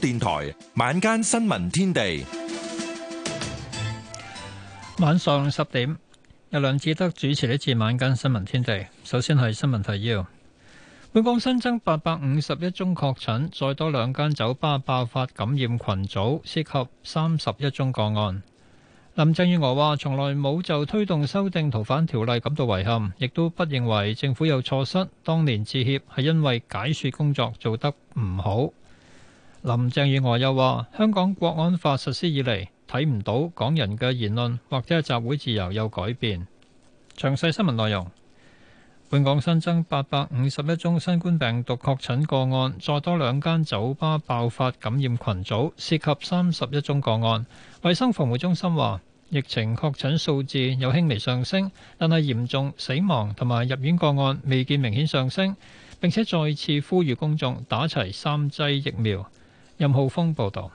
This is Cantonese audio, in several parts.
電台晚間新聞天地，晚上十點由梁志德主持呢次晚間新聞天地。首先係新聞提要：本港新增八百五十一宗確診，再多兩間酒吧爆發感染群組，涉及三十一宗個案。林鄭月娥話：從來冇就推動修訂逃犯條例感到遺憾，亦都不認為政府有錯失。當年致歉係因為解說工作做得唔好。林鄭月娥又話：香港國安法實施以嚟，睇唔到港人嘅言論或者集會自由有改變。詳細新聞內容。本港新增八百五十一宗新冠病毒確診個案，再多兩間酒吧爆發感染群組，涉及三十一宗個案。衛生防護中心話，疫情確診數字有輕微上升，但係嚴重死亡同埋入院個案未見明顯上升。並且再次呼籲公眾打齊三劑疫苗。任浩峰報道，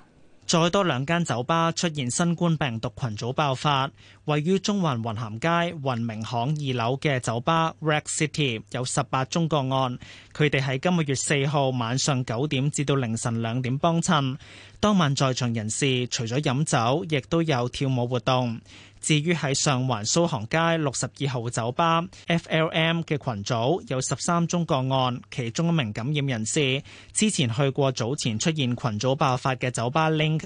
再多兩間酒吧出現新冠病毒群組爆發。位於中環，環雲咸街雲明巷二樓嘅酒吧 Rex City 有十八宗個案，佢哋喺今個月四號晚上九點至到凌晨兩點幫襯。當晚在場人士除咗飲酒，亦都有跳舞活動。至於喺上環蘇杭街六十二號酒吧 F.L.M 嘅群組有十三宗個案，其中一名感染人士之前去過早前出現群組爆發嘅酒吧 Link。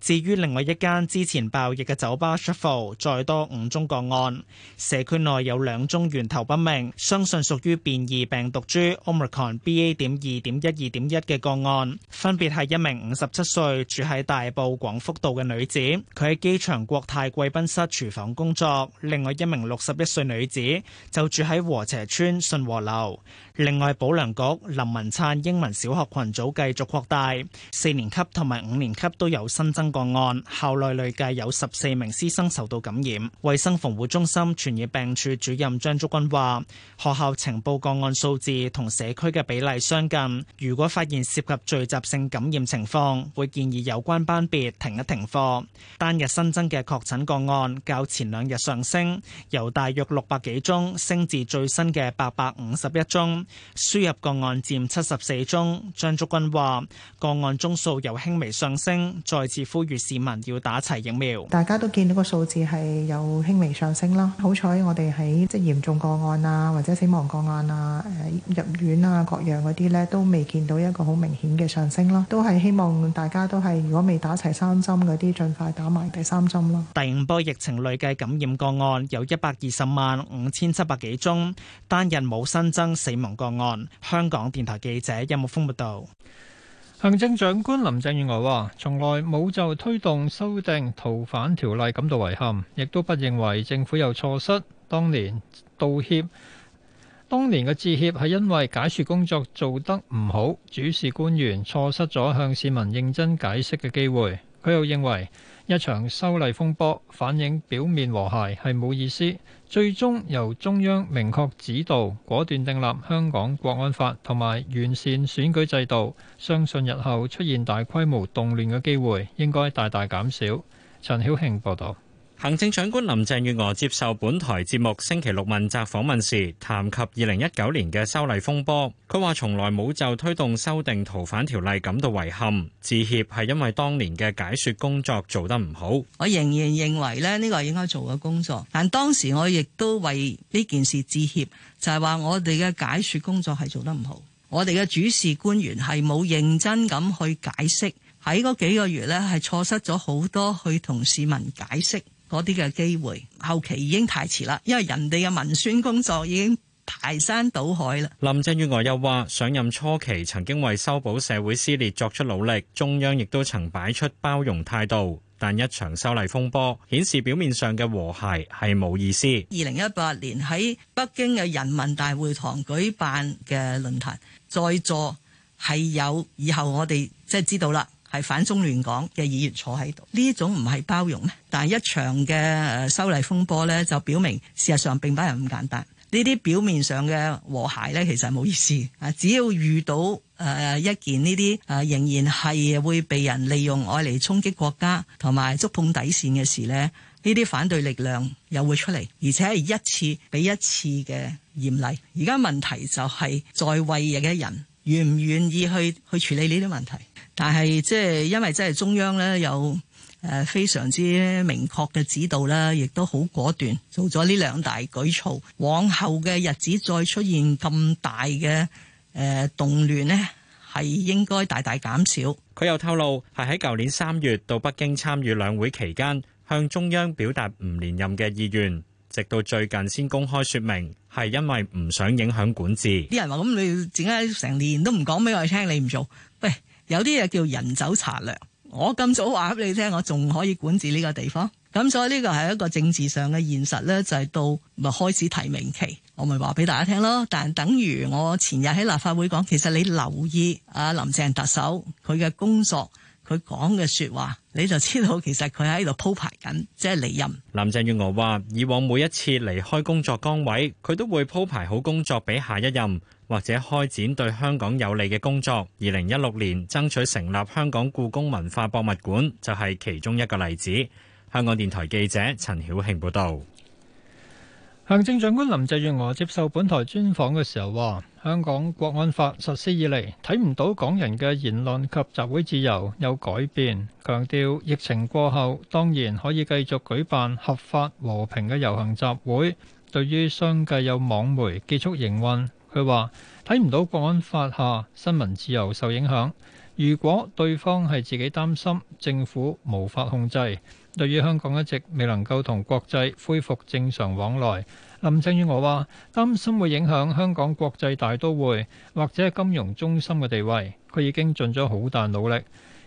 至於另外一間之前爆疫嘅酒吧 Shuffle，再多五宗個案，社區內有兩宗源頭不明，相信屬於變異病毒株 Omicron B.A. 點二點一二點一嘅個案，分別係一名五十七歲住喺大埔廣福道嘅女子，佢喺機場國泰貴賓室廚房工作，另外一名六十一歲女子就住喺和斜村信和樓。另外，保良局林文燦英文小學群組繼續擴大，四年級同埋五年級都有新增個案，校內累計有十四名師生受到感染。衛生防護中心傳染病處主任張竹君話，學校情報個案數字同社區嘅比例相近，如果發現涉及聚集性感染情況，會建議有關班別停一停課。單日新增嘅確診個案。較前兩日上升，由大約六百幾宗升至最新嘅八百五十一宗，輸入個案佔七十四宗。張竹君話：個案宗數有輕微上升，再次呼籲市民要打齊疫苗。大家都見到個數字係有輕微上升啦，好彩我哋喺即嚴重個案啊，或者死亡個案啊，誒入院啊各樣嗰啲咧，都未見到一個好明顯嘅上升囉。都係希望大家都係，如果未打齊三針嗰啲，盡快打埋第三針囉。第五波疫情。累計感染個案有一百二十萬五千七百幾宗，單日冇新增死亡個案。香港電台記者任木峰報道。行政長官林鄭月娥話，從來冇就推動修訂逃犯條例感到遺憾，亦都不認為政府有錯失。當年道歉，當年嘅致歉係因為解説工作做得唔好，主事官員錯失咗向市民認真解釋嘅機會。佢又認為。一場修例風波反映表面和諧係冇意思，最終由中央明確指導果斷訂立香港國安法同埋完善選舉制度，相信日後出現大規模動亂嘅機會應該大大減少。陳曉慶報道。行政長官林鄭月娥接受本台節目星期六問責訪問時，談及2019年嘅修例風波，佢話從來冇就推動修訂逃犯條例感到遺憾，致歉係因為當年嘅解說工作做得唔好。我仍然認為咧，呢個應該做嘅工作，但當時我亦都為呢件事致歉，就係話我哋嘅解說工作係做得唔好，我哋嘅主事官員係冇認真咁去解釋，喺嗰幾個月咧係錯失咗好多去同市民解釋。嗰啲嘅機會，後期已經太遲啦，因為人哋嘅文宣工作已經排山倒海啦。林鄭月娥又話：上任初期曾經為修補社會撕裂作出努力，中央亦都曾擺出包容態度，但一場修例風波顯示表面上嘅和諧係冇意思。二零一八年喺北京嘅人民大會堂舉辦嘅論壇，在座係有以後我哋即係知道啦。係反中亂港嘅議員坐喺度，呢種唔係包容咩？但係一場嘅修例風波咧，就表明事實上並唔係咁簡單。呢啲表面上嘅和諧咧，其實係冇意思。啊，只要遇到誒一件呢啲誒仍然係會被人利用愛嚟衝擊國家同埋觸碰底線嘅事咧，呢啲反對力量又會出嚟，而且係一次比一次嘅嚴厲。而家問題就係在位嘅人。願唔願意去去處理呢啲問題？但係即係因為真係中央咧有誒非常之明確嘅指導啦，亦都好果斷，做咗呢兩大舉措。往後嘅日子再出現咁大嘅誒動亂咧，係應該大大減少。佢又透露係喺舊年三月到北京參與兩會期間，向中央表達唔連任嘅意願，直到最近先公開説明。係因為唔想影響管治，啲人話，咁你點解成年都唔講俾我哋聽？你唔做？喂，有啲嘢叫人走茶涼。我咁早話俾你聽，我仲可以管治呢個地方。咁所以呢個係一個政治上嘅現實咧，就係到咪開始提名期，我咪話俾大家聽咯。但等於我前日喺立法會講，其實你留意啊，林鄭特首佢嘅工作，佢講嘅說話，你就知道其實佢喺度鋪排緊，即係離任。林鄭月娥話：以往每一次離開工作崗位，佢都會鋪排好工作俾下一任，或者開展對香港有利嘅工作。二零一六年爭取成立香港故宮文化博物館，就係其中一個例子。香港電台記者陳曉慶報導。行政長官林鄭月娥接受本台專訪嘅時候話：香港國安法實施以嚟，睇唔到港人嘅言論及集會自由有改變。強調疫情過後當然可以繼續舉辦合法和平嘅遊行集會。對於相繼有網媒結束營運，他說看不，佢話睇唔到國安法下新聞自由受影響。如果對方係自己擔心政府無法控制。對於香港一直未能夠同國際恢復正常往來，林鄭月娥話擔心會影響香港國際大都會或者金融中心嘅地位，佢已經盡咗好大努力，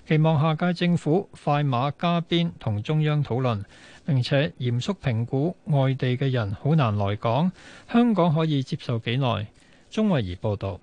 期望下屆政府快馬加鞭同中央討論，並且嚴肅評估外地嘅人好難來港，香港可以接受幾耐？鐘慧儀報道。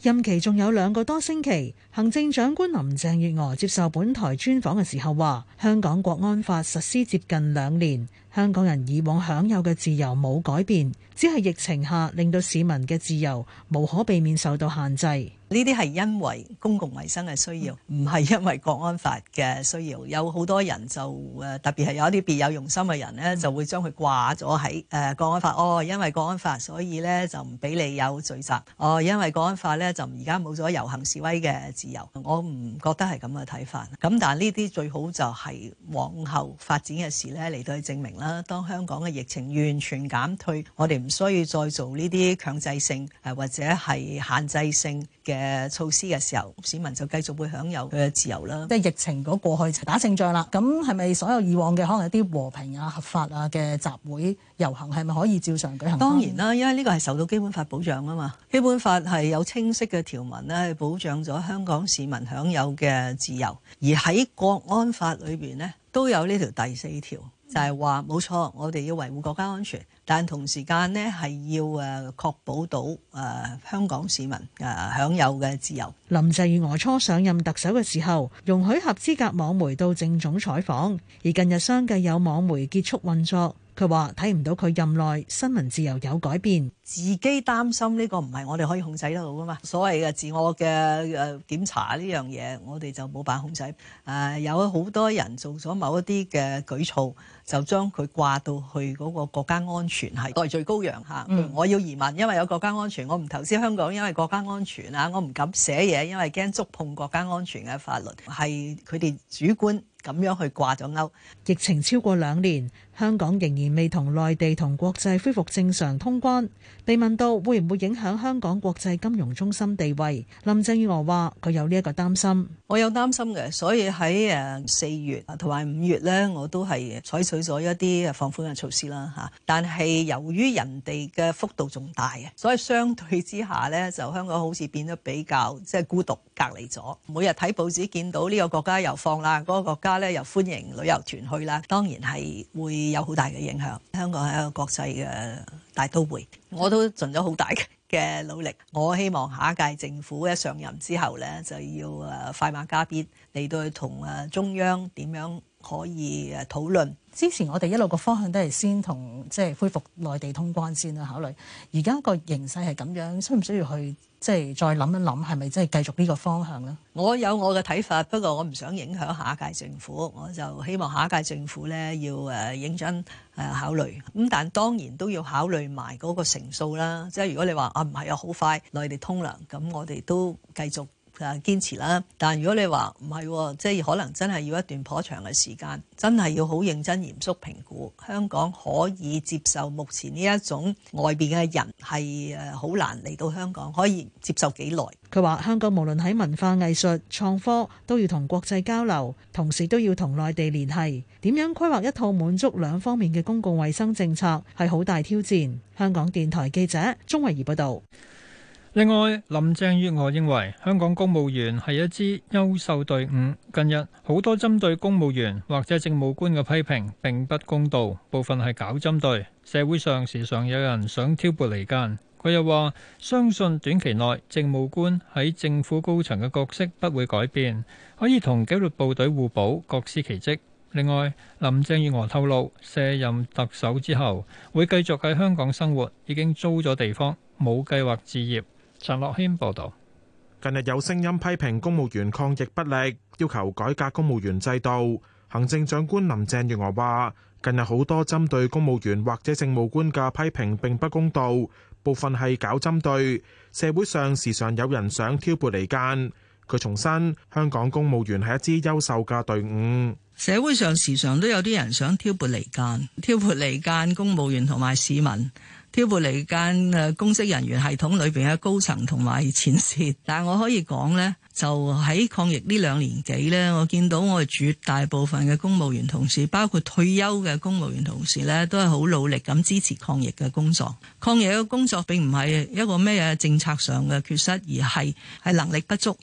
任期仲有兩個多星期，行政長官林鄭月娥接受本台專訪嘅時候話：香港國安法實施接近兩年，香港人以往享有嘅自由冇改變，只係疫情下令到市民嘅自由無可避免受到限制。呢啲係因為公共衛生嘅需要，唔係因為國安法嘅需要。有好多人就誒，特別係有一啲別有用心嘅人咧，就會將佢掛咗喺，誒國安法。哦，因為國安法，所以咧就唔俾你有聚集。哦，因為國安法咧就而家冇咗遊行示威嘅自由。我唔覺得係咁嘅睇法。咁但係呢啲最好就係往後發展嘅事咧嚟到去證明啦。當香港嘅疫情完全減退，我哋唔需要再做呢啲強制性誒或者係限制性嘅。誒措施嘅時候，市民就繼續會享有佢嘅自由啦。即係疫情嗰過去就打勝仗啦。咁係咪所有以往嘅可能一啲和平啊、合法啊嘅集會遊行係咪可以照常舉行？當然啦，因為呢個係受到基本法保障啊嘛。基本法係有清晰嘅條文咧，係保障咗香港市民享有嘅自由。而喺國安法裏邊呢，都有呢條第四條。就係話冇錯，我哋要維護國家安全，但同時間呢係要誒確保到誒、呃、香港市民誒、呃、享有嘅自由。林鄭月娥初上任特首嘅時候，容許合資格網媒到政總採訪，而近日相繼有網媒結束運作。佢話睇唔到佢任內新聞自由有改變，自己擔心呢個唔係我哋可以控制得到噶嘛。所謂嘅自我嘅誒檢查呢樣嘢，我哋就冇辦法控制。誒、呃、有好多人做咗某一啲嘅舉措。就將佢掛到去嗰個國家安全係係代罪羔羊嚇。我要移民，因為有國家安全，我唔投資香港，因為國家安全啦，我唔敢寫嘢，因為驚觸碰國家安全嘅法律。係佢哋主觀咁樣去掛咗鈎。疫情超過兩年，香港仍然未同內地同國際恢復正常通關。被問到會唔會影響香港國際金融中心地位，林鄭月娥話佢有呢一個擔心。我有擔心嘅，所以喺誒四月同埋五月呢，我都係採取。做咗一啲誒放寬嘅措施啦嚇，但係由於人哋嘅幅度仲大啊，所以相對之下咧，就香港好似變得比較即係、就是、孤獨隔離咗。每日睇報紙見到呢個國家又放啦，嗰、那個國家咧又歡迎旅遊團去啦，當然係會有好大嘅影響。香港係一個國際嘅大都會，我都盡咗好大嘅努力。我希望下一屆政府一上任之後咧，就要誒快馬加鞭嚟到去同誒中央點樣可以誒討論。之前我哋一路個方向都係先同即係，恢復內地通關先啦，先考慮，而家個形勢係咁樣，需唔需要去即係、就是、再諗一諗係咪即係繼續呢個方向咧？我有我嘅睇法，不過我唔想影響下一屆政府，我就希望下一屆政府咧要誒影響誒考慮，咁但當然都要考慮埋嗰個成數啦，即係如果你話啊唔係啊好快內地通啦，咁我哋都繼續。誒堅持啦，但如果你話唔係喎，即係可能真係要一段頗長嘅時間，真係要好認真嚴肅評估香港可以接受目前呢一種外邊嘅人係誒好難嚟到香港，可以接受幾耐？佢話香港無論喺文化藝術、創科都要同國際交流，同時都要同內地聯繫。點樣規劃一套滿足兩方面嘅公共衛生政策係好大挑戰。香港電台記者鍾慧儀報道。另外，林鄭月娥認為香港公務員係一支優秀隊伍。近日好多針對公務員或者政務官嘅批評並不公道，部分係搞針對。社會上時常有人想挑撥離間。佢又話相信短期內政務官喺政府高層嘅角色不會改變，可以同紀律部隊互補，各司其職。另外，林鄭月娥透露卸任特首之後會繼續喺香港生活，已經租咗地方，冇計劃置業。陳樂謙報道，近日有聲音批評公務員抗疫不力，要求改革公務員制度。行政長官林鄭月娥話，近日好多針對公務員或者政務官嘅批評，並不公道，部分係搞針對。社會上時常有人想挑撥離間。佢重申，香港公務員係一支優秀嘅隊伍。社會上時常都有啲人想挑撥離間，挑撥離間公務員同埋市民。挑撥離間公職人員系統裏面嘅高層同埋前線，但我可以講呢，就喺抗疫呢兩年幾呢，我見到我絕大部分嘅公務員同事，包括退休嘅公務員同事呢，都係好努力咁支持抗疫嘅工作。抗疫嘅工作並唔係一個咩政策上嘅缺失，而係係能力不足。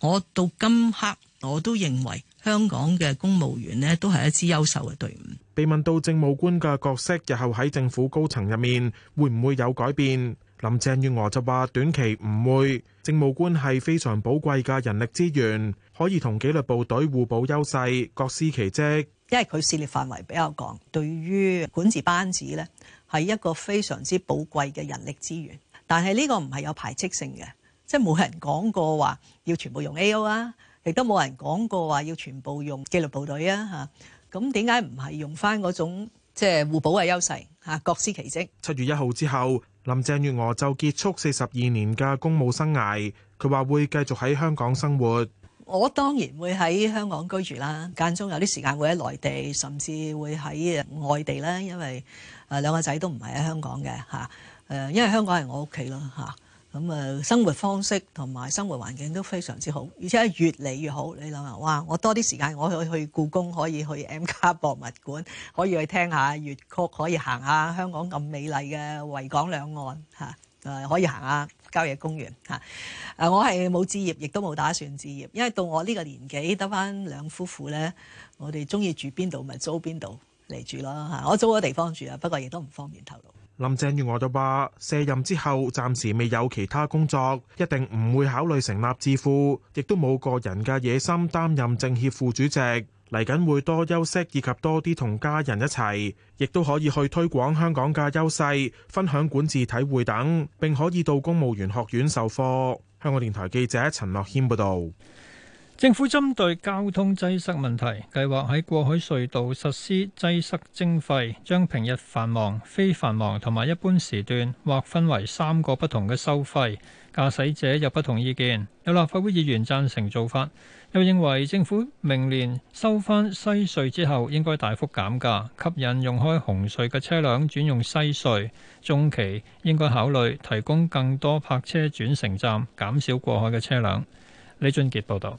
我到今刻我都認為香港嘅公務員呢，都係一支優秀嘅隊伍。被問到政務官嘅角色日後喺政府高層入面會唔會有改變，林鄭月娥就話短期唔會。政務官係非常寶貴嘅人力資源，可以同紀律部隊互補優勢，各司其職。因為佢涉獵範圍比較廣，對於管治班子呢係一個非常之寶貴嘅人力資源。但係呢個唔係有排斥性嘅，即係冇人講過話要全部用 AO 啊，亦都冇人講過話要全部用紀律部隊啊嚇。咁點解唔係用返嗰種即係互補嘅優勢嚇，各司其職。七月一號之後，林鄭月娥就結束四十二年嘅公務生涯，佢話會繼續喺香港生活。我當然會喺香港居住啦，間中有啲時間會喺內地，甚至會喺外地啦，因為誒兩個仔都唔係喺香港嘅嚇，誒因為香港係我屋企咯嚇。咁啊，生活方式同埋生活環境都非常之好，而且越嚟越好。你諗下，哇！我多啲時間，我可以去故宮，可以去 M 卡博物館，可以去聽下粵曲，可以行下香港咁美麗嘅維港兩岸，嚇誒，可以行下郊野公園，嚇誒。我係冇置業，亦都冇打算置業，因為到我呢個年紀得返兩夫婦咧，我哋中意住邊度咪租邊度嚟住咯嚇。我租個地方住啊，不過亦都唔方便透露。林鄭月娥就話：卸任之後，暫時未有其他工作，一定唔會考慮成立智庫，亦都冇個人嘅野心擔任政協副主席。嚟緊會多休息，以及多啲同家人一齊，亦都可以去推廣香港嘅優勢，分享管治體會等，並可以到公務員學院授課。香港電台記者陳樂軒報導。政府針對交通擠塞問題，計劃喺過海隧道實施擠塞徵費，將平日繁忙、非繁忙同埋一般時段劃分為三個不同嘅收費。駕駛者有不同意見，有立法會議員贊成做法，又認為政府明年收返西隧之後應該大幅減價，吸引用開紅隧嘅車輛轉用西隧。中期應該考慮提供更多泊車轉乘站，減少過海嘅車輛。李俊傑報導。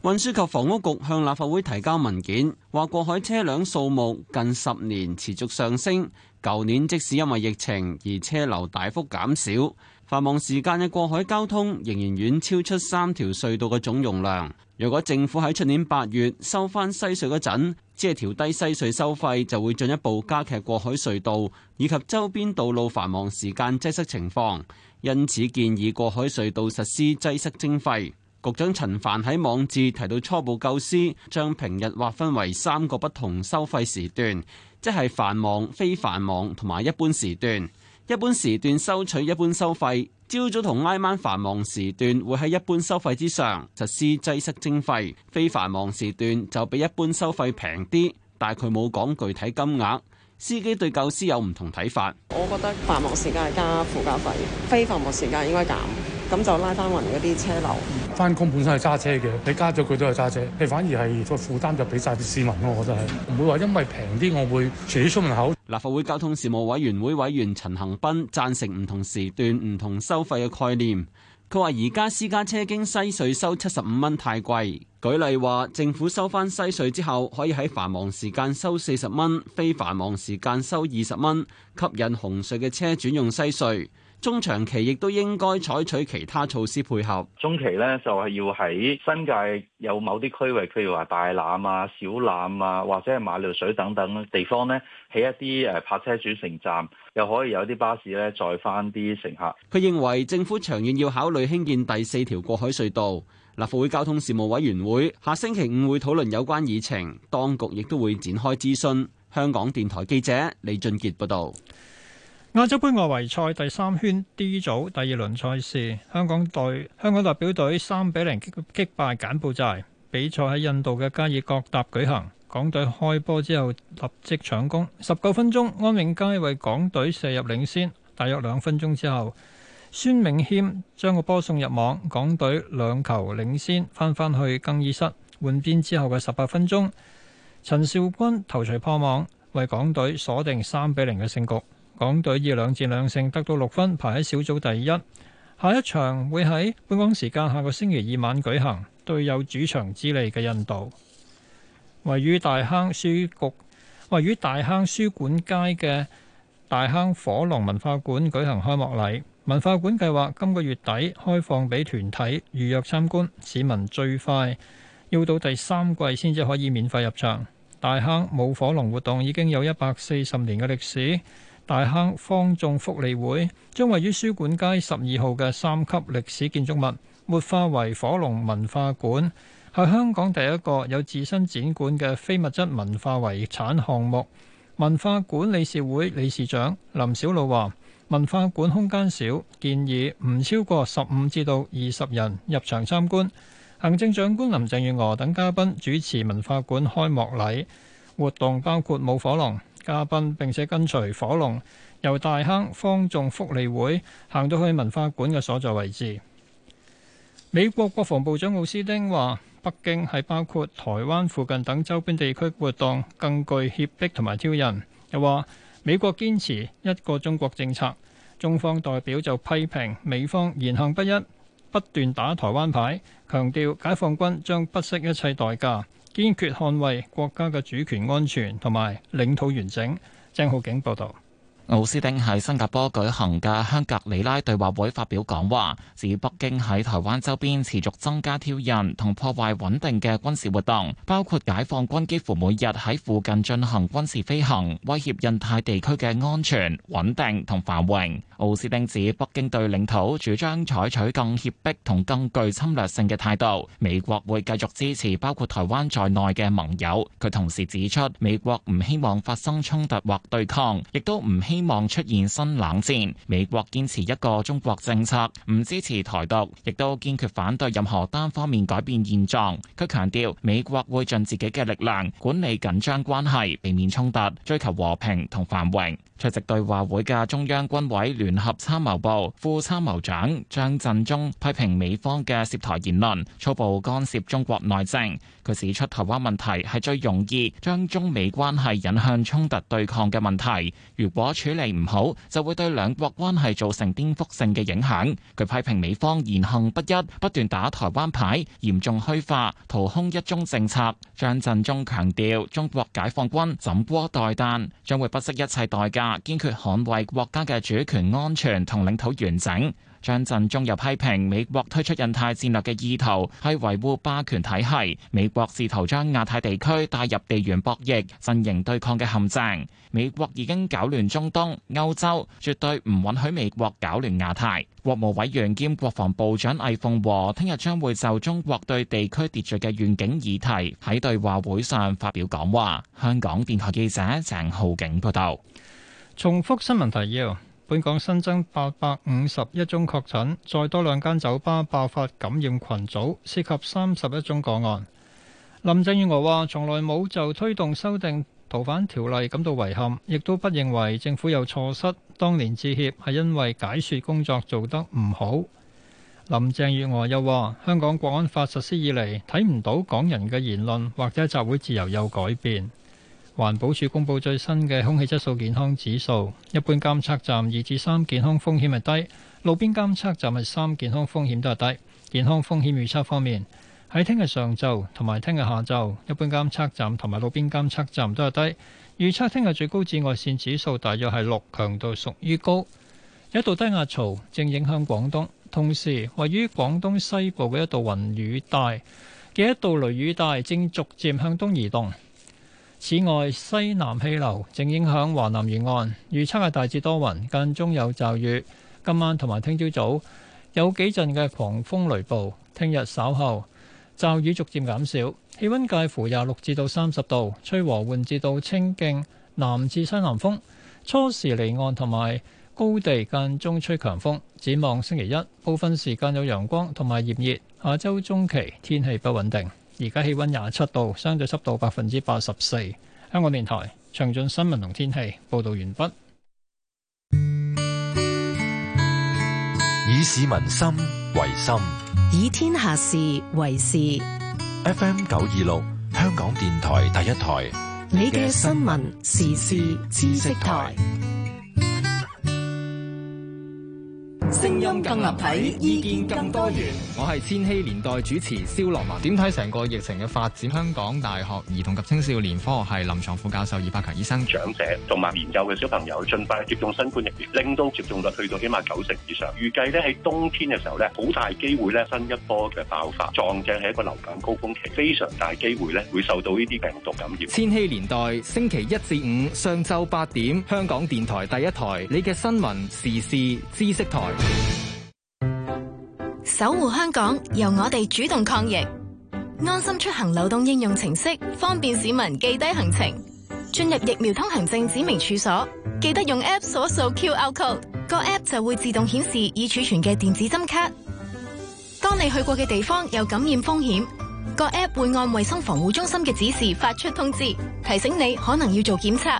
運輸及房屋局向立法會提交文件，話過海車輛數目近十年持續上升，舊年即使因為疫情而車流大幅減少，繁忙時間嘅過海交通仍然遠超出三條隧道嘅總容量。如果政府喺出年八月收翻西隧嗰陣，只係調低西隧收費，就會進一步加劇過海隧道以及周邊道路繁忙時間擠塞情況。因此建議過海隧道實施擠塞徵費。局長陳帆喺網誌提到，初步構思將平日劃分為三個不同收費時段，即係繁忙、非繁忙同埋一般時段。一般時段收取一般收費，朝早同挨晚繁忙時段會喺一般收費之上實施擠塞徵費，非繁忙時段就比一般收費平啲，但係佢冇講具體金額。司機對構思有唔同睇法，我覺得繁忙時間加附加費，非繁忙時間應該減，咁就拉翻勻嗰啲車流。翻工本身係揸車嘅，你加咗佢都係揸車，你反而係個負擔就俾晒啲市民咯。我真係唔會話因為平啲，我會自己出門口。立法會交通事務委員會委員陳恒斌贊成唔同時段唔同收費嘅概念。佢話：而家私家車經西隧收七十五蚊太貴，舉例話政府收翻西隧之後，可以喺繁忙時間收四十蚊，非繁忙時間收二十蚊，吸引紅隧嘅車轉用西隧。中長期亦都應該採取其他措施配合。中期咧就係要喺新界有某啲區域，譬如話大欖啊、小欖啊，或者係馬料水等等地方呢，起一啲誒泊車轉乘站，又可以有啲巴士咧載翻啲乘客。佢認為政府長遠要考慮興建第四條過海隧道。立法會交通事務委員會下星期五會討論有關議程，當局亦都會展開諮詢。香港電台記者李俊傑報道。亞洲杯外圍賽第三圈 D 組第二輪賽事，香港隊香港代表隊三比零擊敗柬埔寨。比賽喺印度嘅加爾各答舉行。港隊開波之後立即搶攻，十九分鐘安永佳為港隊射入領先。大約兩分鐘之後，孫銘謙將個波送入網，港隊兩球領先，翻返去更衣室，換邊之後嘅十八分鐘，陳少君頭槌破網，為港隊鎖定三比零嘅勝局。港隊以兩戰兩勝得到六分，排喺小組第一。下一場會喺本港時間下個星期二晚舉行，對有主場之利嘅印度。位於大坑書局，位於大坑書館街嘅大坑火龍文化館舉行開幕禮。文化館計劃今個月底開放俾團體預約參觀，市民最快要到第三季先至可以免費入場。大坑舞火龍活動已經有一百四十年嘅歷史。大坑坊眾福利會將位於書館街十二號嘅三級歷史建築物，活化為火龍文化館，係香港第一個有自身展館嘅非物質文化遺產項目。文化館理事會理事長林筱魯話：文化館空間小，建議唔超過十五至到二十人入場參觀。行政長官林鄭月娥等嘉賓主持文化館開幕禮，活動包括舞火龍。嘉賓並且跟隨火龍，由大坑坊眾福利會行到去文化館嘅所在位置。美國國防部長奧斯丁話：北京係包括台灣附近等周邊地區活動更具脅迫同埋挑釁。又話美國堅持一個中國政策，中方代表就批評美方言行不一，不斷打台灣牌，強調解放軍將不惜一切代價。堅決捍衛國家嘅主權安全同埋領土完整。鄭浩景報道。奧斯汀喺新加坡舉行嘅香格里拉對話會發表講話，指北京喺台灣周邊持續增加挑釁同破壞穩定嘅軍事活動，包括解放軍幾乎每日喺附近進行軍事飛行，威脅印太地區嘅安全、穩定同繁榮。奧斯汀指北京對領土主張採取更脅迫同更具侵略性嘅態度，美國會繼續支持包括台灣在內嘅盟友。佢同時指出，美國唔希望發生衝突或對抗，亦都唔希望出現新冷戰。美國堅持一個中國政策，唔支持台獨，亦都堅決反對任何單方面改變現狀。佢強調，美國會盡自己嘅力量管理緊張關係，避免衝突，追求和平同繁榮。出席對話會嘅中央軍委聯合參謀部副參謀長張振中批評美方嘅涉台言論粗暴干涉中國內政。佢指出，台灣問題係最容易將中美關係引向衝突對抗嘅問題。如果處理唔好，就會對兩國關係造成顛覆性嘅影響。佢批評美方言行不一，不斷打台灣牌，嚴重虛化掏空一中政策。張振中強調，中國解放軍枕戈待旦，將會不惜一切代價，堅決捍衛國家嘅主權安全同領土完整。張振中又批評美國推出印太戰略嘅意圖係維護霸權體系，美國試圖將亞太地區帶入地緣博弈、陣營對抗嘅陷阱。美國已經搞亂中東、歐洲，絕對唔允許美國搞亂亞太。國務委員兼國防部長魏鳳和聽日將會就中國對地區秩序嘅願景議題喺對話會上發表講話。香港電台記者鄭浩景報道。重複新聞提要：本港新增851宗確診，再多兩間酒吧爆發感染群組，涉及31宗個案。林鄭月娥話：從來冇就推動修訂逃犯條例感到遺憾，亦都不認為政府有錯失。當年致歉係因為解說工作做得唔好。林鄭月娥又話：香港國安法實施以嚟，睇唔到港人嘅言論或者集會自由有改變。環保署公布最新嘅空氣質素健康指數，一般監測站二至三健康風險係低，路邊監測站係三健康風險都係低。健康風險預測方面，喺聽日上晝同埋聽日下晝，一般監測站同埋路邊監測站都係低。預測聽日最高紫外線指數大約係六，強度屬於高。有一道低壓槽正影響廣東，同時位於廣東西部嘅一道雲雨帶嘅一道雷雨帶正逐漸向東移動。此外，西南氣流正影響華南沿岸，預測係大致多雲，間中有驟雨。今晚同埋聽朝早有幾陣嘅狂風雷暴，聽日稍後驟雨逐漸減少，氣溫介乎廿六至到三十度，吹和緩至到清勁南至西南風。初時離岸同埋高地間中吹強風，展望星期一，部分時間有陽光同埋炎熱。下周中期天氣不穩定。而家氣溫廿七度，相對濕度百分之八十四。香港電台詳盡新聞同天氣報導完畢。以市民心為心，以天下事為事。FM 九二六，香港電台第一台，你嘅新聞時事知識台。聲音更立體，體，意見更多元。我係千禧年代主持蕭樂文，點睇成個疫情嘅發展？香港大學兒童及青少年科系臨床副教授葉柏強醫生，長者同埋年幼嘅小朋友盡快接種新冠疫苗，令到接種率去到起碼九成以上。預計呢喺冬天嘅時候呢，好大機會呢新一波嘅爆發，撞正係一個流感高峰期，非常大機會呢會受到呢啲病毒感染。千禧年代星期一至五上晝八點，香港電台第一台，你嘅新聞時事知識台。守護香港，由我哋主動抗疫，安心出行流動應用程式方便市民記低行程，進入疫苗通行證指明處所，記得用 App 掃一掃 QR code，個 App 就會自動顯示已儲存嘅電子針卡。當你去過嘅地方有感染風險，個 App 會按衛生防護中心嘅指示發出通知，提醒你可能要做檢測。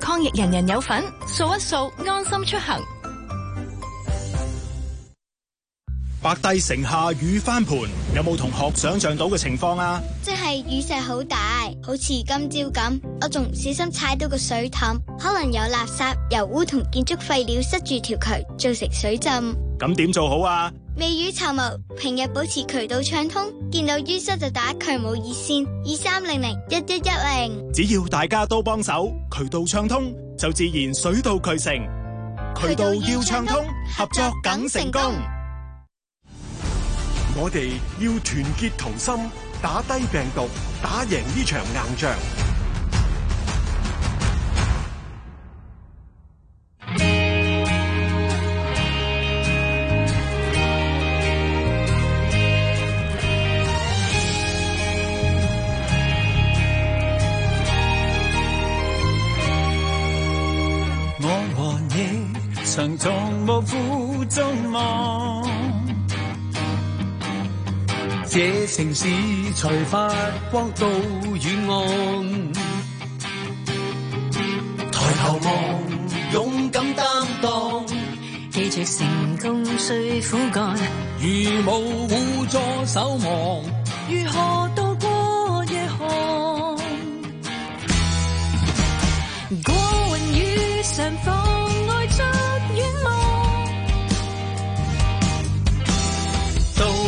抗疫人人有份，掃一掃，安心出行。白帝城下雨翻盤，有冇同學想象到嘅情況啊？即係雨勢好大，好似今朝咁。我仲唔小心踩到個水凼，可能有垃圾、油污同建築廢料塞住條渠，造成水浸。咁點做好啊？未雨綢繆，平日保持渠道暢通，見到淤塞就打渠務熱線二三零零一一一零。只要大家都幫手，渠道暢通就自然水到渠成。渠道要暢通，合作梗成功。我哋要團結同心，打低病毒，打贏呢場硬仗。我和你曾同冒苦中望。這城市才發光到遠岸，抬頭望，勇敢擔當，記着成功需苦幹。如無互助守望，如何渡過夜寒？過雲雨，上風。